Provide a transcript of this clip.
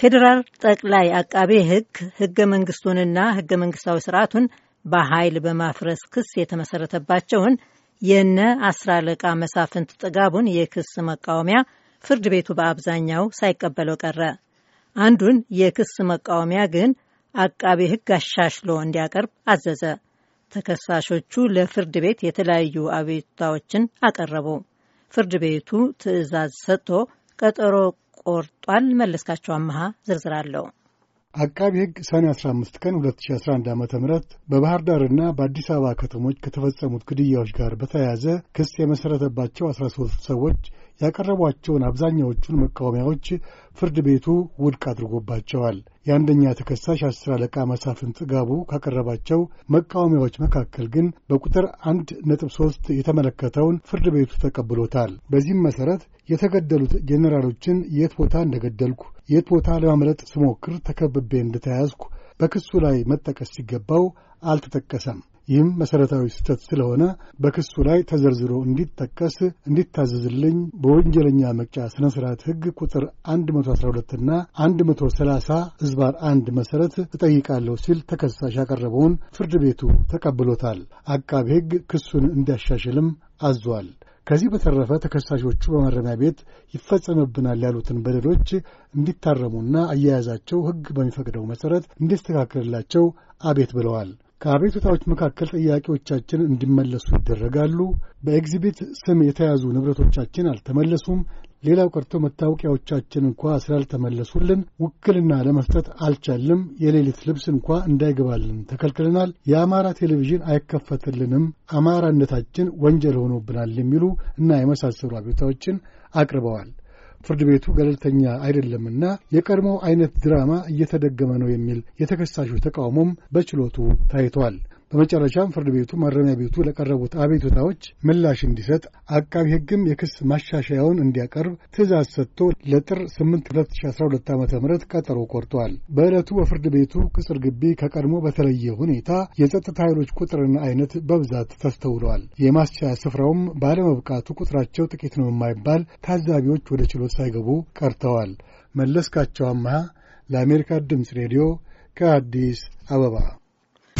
ፌዴራል ጠቅላይ አቃቤ ሕግ ህገ መንግስቱንና ህገ መንግስታዊ ስርዓቱን በኃይል በማፍረስ ክስ የተመሰረተባቸውን የነ አስራ አለቃ መሳፍንት ጥጋቡን የክስ መቃወሚያ ፍርድ ቤቱ በአብዛኛው ሳይቀበለው ቀረ። አንዱን የክስ መቃወሚያ ግን አቃቤ ሕግ አሻሽሎ እንዲያቀርብ አዘዘ። ተከሳሾቹ ለፍርድ ቤት የተለያዩ አቤቱታዎችን አቀረቡ። ፍርድ ቤቱ ትዕዛዝ ሰጥቶ ቀጠሮ ቆርጧል። መለስካቸው አመሃ ዝርዝር አለው። አቃቢ ሕግ ሰኔ 15 ቀን 2011 ዓ ም በባህር ዳርና በአዲስ አበባ ከተሞች ከተፈጸሙት ግድያዎች ጋር በተያያዘ ክስ የመሠረተባቸው 13 ሰዎች ያቀረቧቸውን አብዛኛዎቹን መቃወሚያዎች ፍርድ ቤቱ ውድቅ አድርጎባቸዋል። የአንደኛ ተከሳሽ አስር አለቃ መሳፍንት ጋቡ ካቀረባቸው መቃወሚያዎች መካከል ግን በቁጥር አንድ ነጥብ ሶስት የተመለከተውን ፍርድ ቤቱ ተቀብሎታል። በዚህም መሠረት የተገደሉት ጄኔራሎችን የት ቦታ እንደገደልኩ፣ የት ቦታ ለማምለጥ ስሞክር ተከብቤ እንደተያዝኩ በክሱ ላይ መጠቀስ ሲገባው አልተጠቀሰም። ይህም መሠረታዊ ስህተት ስለሆነ በክሱ ላይ ተዘርዝሮ እንዲጠቀስ እንዲታዘዝልኝ በወንጀለኛ መቅጫ ሥነ ሥርዓት ሕግ ቁጥር 112ና 130 ሕዝባር 1 መሠረት እጠይቃለሁ ሲል ተከሳሽ ያቀረበውን ፍርድ ቤቱ ተቀብሎታል። አቃቤ ሕግ ክሱን እንዲያሻሽልም አዟል። ከዚህ በተረፈ ተከሳሾቹ በማረሚያ ቤት ይፈጸምብናል ያሉትን በደሎች እንዲታረሙና አያያዛቸው ሕግ በሚፈቅደው መሠረት እንዲስተካከልላቸው አቤት ብለዋል። ከአቤቱታዎች መካከል ጥያቄዎቻችን እንዲመለሱ ይደረጋሉ። በኤግዚቢት ስም የተያዙ ንብረቶቻችን አልተመለሱም። ሌላው ቀርቶ መታወቂያዎቻችን እንኳ ስላልተመለሱልን ውክልና ለመስጠት አልቻልም። የሌሊት ልብስ እንኳ እንዳይገባልን ተከልክለናል። የአማራ ቴሌቪዥን አይከፈትልንም፣ አማራነታችን ወንጀል ሆኖብናል የሚሉ እና የመሳሰሉ አቤቱታዎችን አቅርበዋል። ፍርድ ቤቱ ገለልተኛ አይደለምና የቀድሞው አይነት ድራማ እየተደገመ ነው የሚል የተከሳሹ ተቃውሞም በችሎቱ ታይቷል። በመጨረሻም ፍርድ ቤቱ ማረሚያ ቤቱ ለቀረቡት አቤቱታዎች ምላሽ እንዲሰጥ አቃቢ ሕግም የክስ ማሻሻያውን እንዲያቀርብ ትእዛዝ ሰጥቶ ለጥር 8 2012 ዓ ም ቀጠሮ ቆርጧል። በዕለቱ በፍርድ ቤቱ ቅጽር ግቢ ከቀድሞ በተለየ ሁኔታ የጸጥታ ኃይሎች ቁጥርና አይነት በብዛት ተስተውለዋል። የማስቻያ ስፍራውም ባለመብቃቱ ቁጥራቸው ጥቂት ነው የማይባል ታዛቢዎች ወደ ችሎት ሳይገቡ ቀርተዋል። መለስካቸው አምሃ ለአሜሪካ ድምፅ ሬዲዮ ከአዲስ አበባ